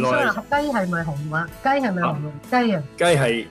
香辣雞係咪紅啊？雞係咪紅龍雞啊？雞係。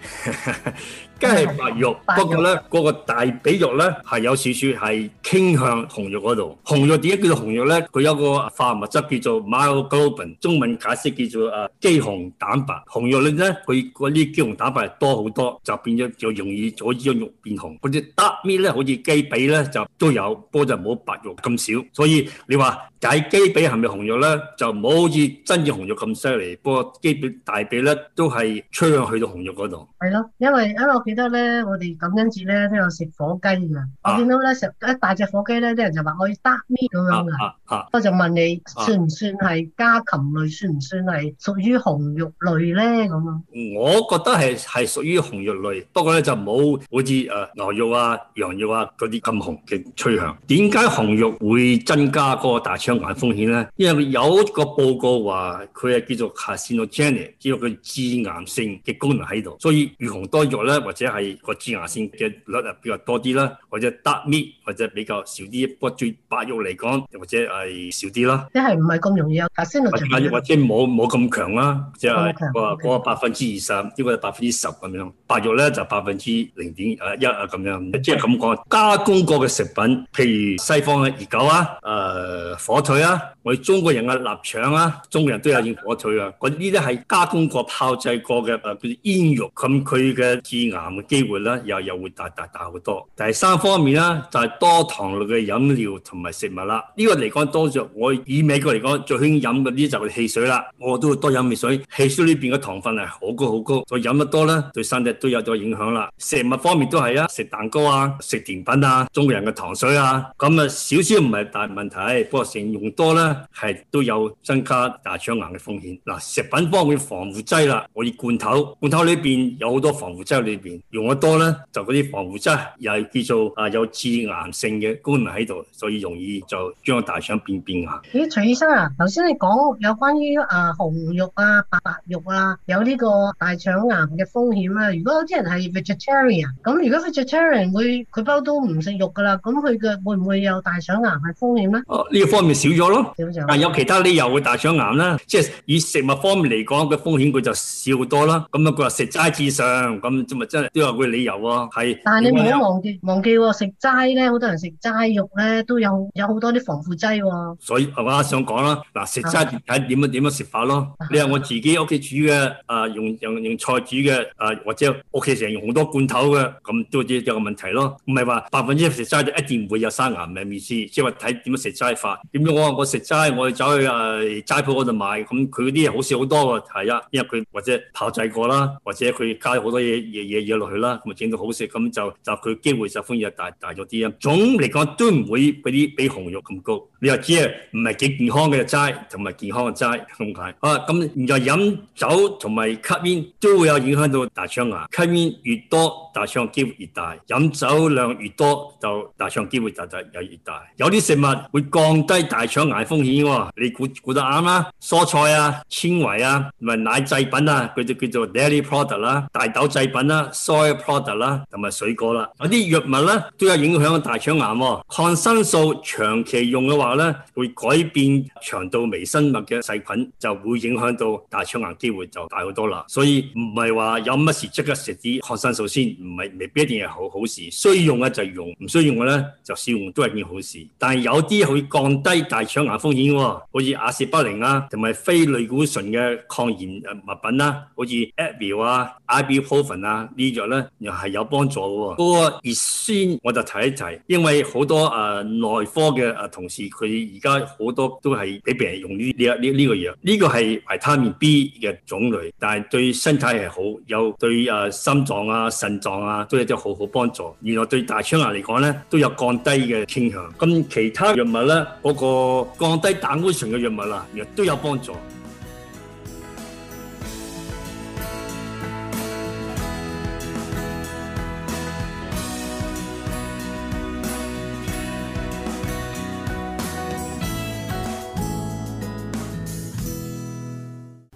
梗係白肉，不過咧嗰、嗰個大髀肉咧係有少少係傾向紅肉嗰度。紅肉點解叫做紅肉咧？佢有個化學物質叫做 myoglobin，中文解釋叫做誒肌、啊、紅蛋白。紅肉裏咧佢嗰啲肌紅蛋白係多好多，就變咗就容易阻住個肉變紅。嗰啲 dark meat 咧，好似雞髀咧就都有，不過就冇白肉咁少。所以你話解雞髀係咪紅肉咧？就冇好似真正紅肉咁犀利，不過雞髀大髀咧都係趨向去到紅肉嗰度。係咯，因為，因為我記得咧，我哋咁樣子咧都有食火雞㗎、啊。我見到咧成一大隻火雞咧，啲人就話我要搭咩咁樣㗎、啊啊啊。我就問你算唔算係家、啊、家禽類？算唔算係屬於紅肉類咧？咁啊，我覺得係係屬於紅肉類，不過咧就冇好似誒牛肉啊、羊肉啊嗰啲咁紅嘅趨向。點解紅肉會增加嗰個大腸癌風險咧？因為有個報告話佢係叫做 carcinogenic，叫佢致癌性嘅功能喺度，所以如紅多肉咧。或者係個致癌性嘅率啊比較多啲啦，或者得 t 或者比較少啲，不過對白肉嚟講，或者係少啲啦。即係唔係咁容易有牙酸蝕，或者冇冇咁強啦，即係話嗰百分之二十，呢、就是、個係百分之十咁樣，白肉咧就百分之零點誒一啊咁樣，即係咁講。加工過嘅食品，譬如西方嘅熱狗啊，誒、呃、火腿啊。我哋中國人嘅臘腸啊，中國人都有煙火腿啊，嗰啲咧係加工過、炮製過嘅誒、啊，叫做煙肉。咁佢嘅致癌嘅機會咧，又又會大大大好多。第三方面咧，就係、是、多糖類嘅飲料同埋食物啦。呢、這個嚟講，當著我以美國嚟講，最興飲嘅呢就係汽水啦。我都會多飲汽水，汽水呢邊嘅糖分係好高好高。再飲得多咧，對身體都有咗影響啦。食物方面都係啊，食蛋糕啊，食甜品啊，中國人嘅糖水啊，咁啊少少唔係大問題，不過食用多咧。係都有增加大腸癌嘅風險。嗱，食品方面防腐劑啦，我哋罐頭，罐頭裏邊有好多防腐劑，裏邊用得多咧，就嗰啲防腐劑又係叫做啊有致癌性嘅功能喺度，所以容易就將大腸變變癌。咦，徐醫生啊，頭先你講有關於啊紅肉啊、白白肉啊，有呢個大腸癌嘅風險啦、啊。如果有啲人係 vegetarian，咁如果 vegetarian 會佢包都唔食肉噶啦，咁佢嘅會唔會有大腸癌嘅風險咧？哦、啊，呢、這個方面少咗咯。但有其他理由嘅大腸癌啦，即係以食物方面嚟講，嘅風險佢就少好多啦。咁、嗯、啊，佢話食齋至上，咁咁咪真係都有佢理由喎。但係你唔好忘記忘記喎、哦，食齋咧，好多人食齋肉咧，都有有好多啲防腐劑喎、哦。所以係嘛，想講啦，嗱，食齋睇點樣點樣食法咯。你話我自己屋企煮嘅啊、呃，用用用菜煮嘅啊、呃，或者屋企成日用好多罐頭嘅，咁都有個問題咯。唔係話百分之一食齋就一定唔會有生癌，嘅意思即係話睇點樣食齋法，點樣我我食。齋，哎、我哋走去啊齋鋪嗰度買，咁佢啲嘢好食好多喎，係啊，因為佢或者炮製過啦，或者佢加咗好多嘢嘢嘢落去啦，咁整到好食，咁就就佢機會就反而大大咗啲啊。總嚟講都唔會比啲比紅肉咁高。你又知啊，唔係幾健康嘅齋同埋健康嘅齋咁解。啊，咁而就飲酒同埋吸煙都會有影響到大腸癌，吸煙越多。大腸機會越大，飲酒量越多就大腸機會就就越大。有啲食物會降低大腸癌風險喎、哦，你估估得啱啦。蔬菜啊、纖維啊，同埋奶製品啊，佢就叫做 dairy product 啦、啊，大豆製品啦、啊、soy product 啦、啊，同埋水果啦、啊。有啲藥物咧都有影響大腸癌喎、哦，抗生素長期用嘅話咧，會改變腸道微生物嘅細菌，就會影響到大腸癌機會就大好多啦。所以唔係話有乜事即刻食啲抗生素先。唔係未必一定係好好事，需要用嘅就用，唔需要用嘅咧就少用，都係一件好事。但係有啲可以降低大腸癌風險喎、哦，好似阿士巴靈啊，同埋非類固醇嘅抗炎、呃、物品啦，好似阿維爾啊、ibuprofen 啊，啊藥呢藥咧又係有幫助喎、哦。不、嗰個熱酸我就提一提，因為好多誒內、呃、科嘅、呃、同事佢而家好多都係俾病人用呢呢呢呢個藥，呢、這個係維他命 B 嘅種類，但係對身體係好，有對、呃、心臟啊、腎臟。都有啲好好幫助，原來對大腸癌嚟講咧都有降低嘅傾向，咁其他藥物呢，嗰、嗰個降低膽固醇嘅藥物啊，亦都有幫助。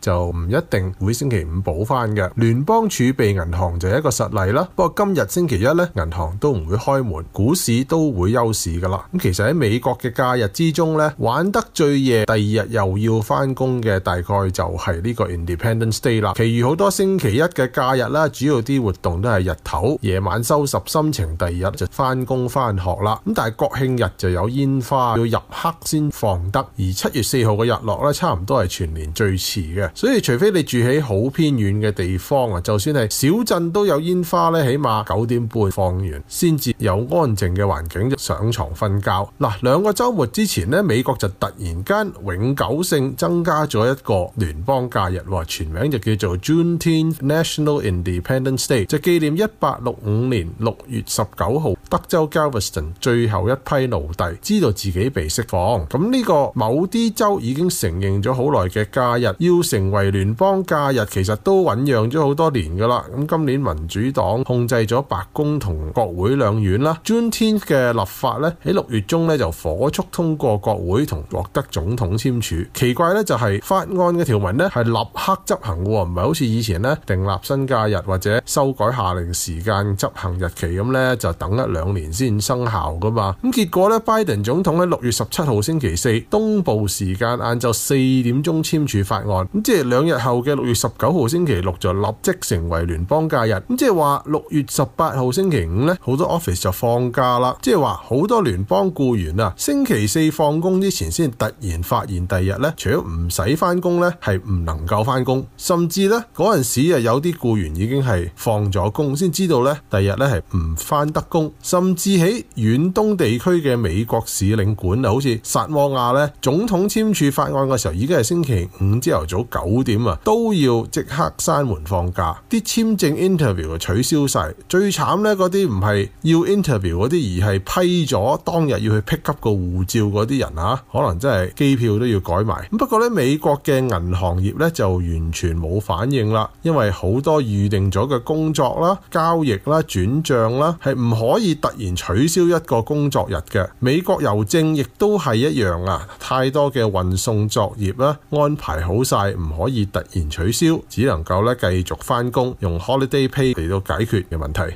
就唔一定會星期五補翻嘅。聯邦儲備銀行就係一個實例啦。不過今日星期一呢，銀行都唔會開門，股市都會休市噶啦。咁其實喺美國嘅假日之中呢，玩得最夜，第二日又要翻工嘅，大概就係呢個 Independence Day 啦。其餘好多星期一嘅假日啦，主要啲活動都係日頭夜晚收拾心情，第二日就翻工翻學啦。咁但係國慶日就有煙花，要入黑先放得。而七月四號嘅日落呢，差唔多係全年最遲。嘅，所以除非你住喺好偏遠嘅地方啊，就算係小鎮都有煙花咧，起碼九點半放完先至有安靜嘅環境上床瞓覺嗱，兩個周末之前咧，美國就突然間永久性增加咗一個聯邦假日喎，全名就叫做 Juneteenth National Independence Day，就紀念一八六五年六月十九號德州 Galveston 最後一批奴隸知道自己被釋放。咁呢個某啲州已經承認咗好耐嘅假日要。成為聯邦假日其實都醞釀咗好多年噶啦，咁今年民主黨控制咗白宮同國會兩院啦，鑽天嘅立法咧，喺六月中咧就火速通過國會同獲得總統簽署。奇怪咧就係、是、法案嘅條文咧係立刻執行的，唔係好似以前咧訂立新假日或者修改夏令時間執行日期咁咧就等一兩年先生效噶嘛。咁結果咧，拜登總統喺六月十七號星期四東部時間晏晝四點鐘簽署法案。咁即係兩日後嘅六月十九號星期六就立即成為聯邦假日。咁即係話六月十八號星期五咧，好多 office 就放假啦。即係話好多聯邦僱員啊，星期四放工之前先突然發現第日咧，除咗唔使翻工咧，係唔能夠翻工。甚至咧嗰陣時啊，有啲僱員已經係放咗工先知道咧，第日咧係唔翻得工。甚至喺遠東地區嘅美國使領館啊，好似薩摩亞咧，總統簽署法案嘅時候已經係星期五朝頭早。九點啊都要即刻閂門放假，啲簽證 interview 啊取消晒，最慘咧嗰啲唔係要 interview 嗰啲，而係批咗當日要去 pick up 個護照嗰啲人啊，可能真係機票都要改埋。不過咧美國嘅銀行業咧就完全冇反應啦，因為好多預定咗嘅工作啦、交易啦、轉賬啦係唔可以突然取消一個工作日嘅。美國郵政亦都係一樣啊，太多嘅運送作業啦安排好晒。唔可以突然取消，只能夠咧繼續返工，用 holiday pay 嚟到解決嘅問題。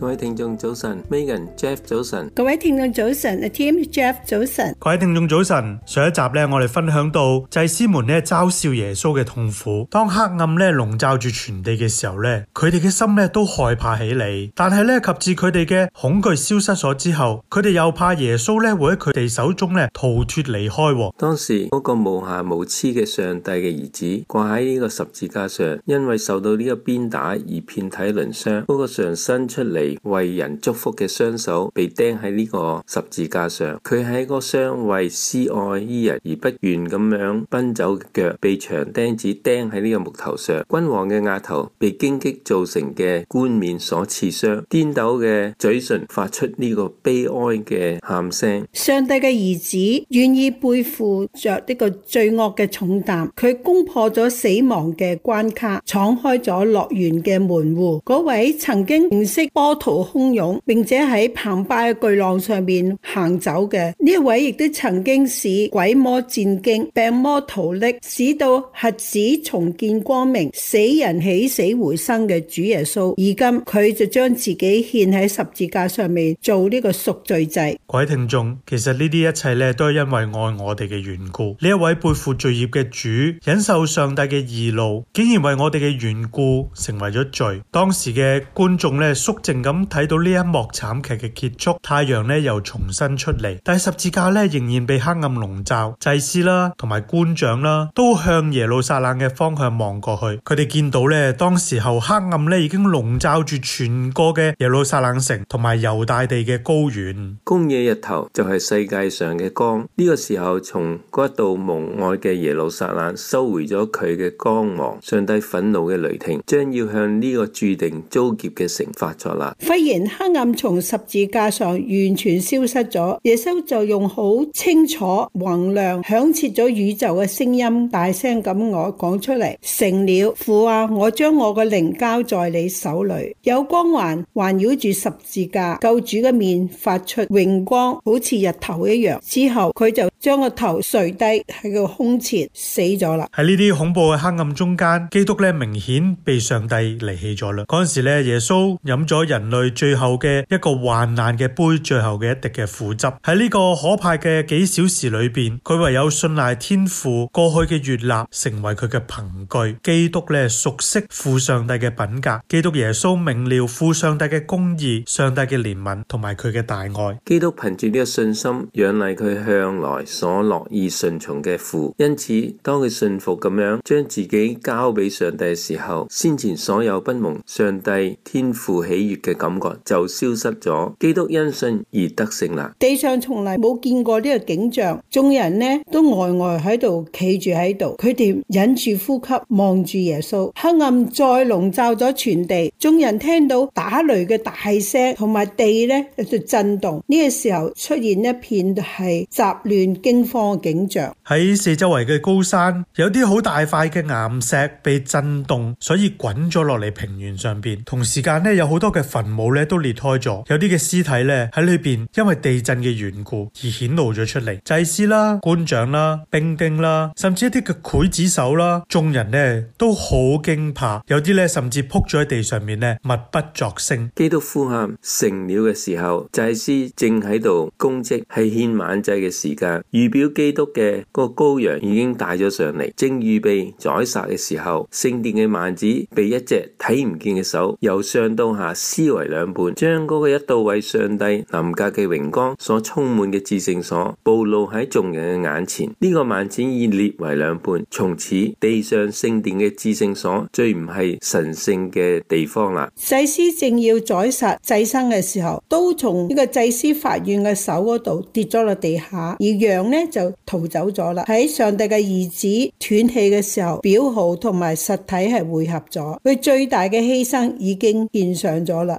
各位聽眾早晨，Megan、Jeff 早晨，各位聽眾早晨，A Team Jeff 早晨，各位聽眾早晨。上一集咧，我哋分享到祭司們咧嘲笑耶穌嘅痛苦。當黑暗咧籠罩住全地嘅時候咧，佢哋嘅心咧都害怕起嚟。但係咧，及至佢哋嘅恐懼消失咗之後，佢哋又怕耶穌咧會喺佢哋手中咧逃脫離開。當時嗰個無瑕無疵嘅上帝嘅兒子掛喺呢個十字架上，因為受到呢個鞭打而遍體鱗傷。嗰個上身出嚟。為人祝福嘅雙手被釘喺呢個十字架上，佢喺個相為思愛伊人而不願咁樣奔走嘅腳被長釘子釘喺呢個木頭上，君王嘅額頭被荊棘造成嘅冠冕所刺傷，顛倒嘅嘴唇發出呢個悲哀嘅喊聲。上帝嘅兒子願意背負着呢個罪惡嘅重擔，佢攻破咗死亡嘅關卡，敞開咗樂園嘅門戶。嗰位曾經認識波濤洶湧，並且喺澎湃嘅巨浪上面行走嘅呢一位，亦都曾經使鬼魔戰驚、病魔逃匿，使到瞎子重見光明、死人起死回生嘅主耶穌。而今佢就將自己獻喺十字架上面做呢個贖罪祭。各位聽眾，其實呢啲一切咧都係因為愛我哋嘅緣故。呢一位背負罪孽嘅主，忍受上帝嘅義怒，竟然為我哋嘅緣故成為咗罪。當時嘅觀眾咧肅靜咁、嗯、睇到呢一幕慘劇嘅結束，太陽呢又重新出嚟，但十字架呢仍然被黑暗籠罩。祭司啦，同埋官長啦，都向耶路撒冷嘅方向望過去。佢哋見到呢，當時候黑暗呢已經籠罩住全個嘅耶路撒冷城同埋猶大地嘅高原。公義日頭就係世界上嘅光。呢、這個時候，從嗰度蒙愛嘅耶路撒冷收回咗佢嘅光芒。上帝憤怒嘅雷霆將要向呢個注定遭劫嘅城發作啦。忽然黑暗從十字架上完全消失咗，耶穌就用好清楚、宏亮、響徹咗宇宙嘅聲音，大聲咁我講出嚟：成了父啊，我將我嘅靈交在你手裏。有光環環繞住十字架，救主嘅面發出榮光，好似日頭一樣。之後佢就將個頭垂低喺個胸前，死咗啦。喺呢啲恐怖嘅黑暗中間，基督咧明顯被上帝離棄咗啦。嗰陣時咧，耶穌飲咗人類最後嘅一個患難嘅杯，最後嘅一滴嘅苦汁，喺呢個可怕嘅幾小時裏邊，佢唯有信賴天父過去嘅閱歷，成為佢嘅憑據。基督咧熟悉父上帝嘅品格，基督耶穌明了父上帝嘅公義、上帝嘅憐憫同埋佢嘅大愛。基督憑住呢個信心，仰賴佢向來所樂意順從嘅父。因此，當佢信服咁樣將自己交俾上帝嘅時候，先前所有不蒙上帝天父喜悅嘅。感覺就消失咗，基督因信而得勝啦。地上從來冇見過呢個景象，眾人呢都呆呆喺度企住喺度，佢哋忍住呼吸望住耶穌。黑暗再籠罩咗全地，眾人聽到打雷嘅大聲，同埋地呢就震動。呢個時候出現一片係雜亂驚慌嘅景象。喺四周圍嘅高山，有啲好大塊嘅岩石被震動，所以滾咗落嚟平原上面。同時間呢有好多嘅墳。冇咧都裂開咗，有啲嘅屍體咧喺裏邊，因為地震嘅緣故而顯露咗出嚟，祭司啦、官長啦、兵丁啦，甚至一啲嘅劊子手啦，眾人呢都好驚怕，有啲咧甚至扑咗喺地上面咧，默不作聲。基督呼喊「成了」嘅時候，祭司正喺度供職，係獻晚祭嘅時間，預表基督嘅個羔羊已經帶咗上嚟，正預備宰殺嘅時候，聖殿嘅幔子被一隻睇唔見嘅手由上到下撕為兩半，將嗰個一度為上帝臨格嘅榮光所充滿嘅至聖所，暴露喺眾人嘅眼前。呢、這個幔子已裂為兩半，從此地上聖殿嘅至聖所，最唔係神聖嘅地方啦。祭司正要宰殺祭牲嘅時候，都從呢個祭司法院嘅手嗰度跌咗落地下，而羊呢就逃走咗啦。喺上帝嘅兒子斷氣嘅時候，表號同埋實體係匯合咗，佢最大嘅犧牲已經獻上咗啦。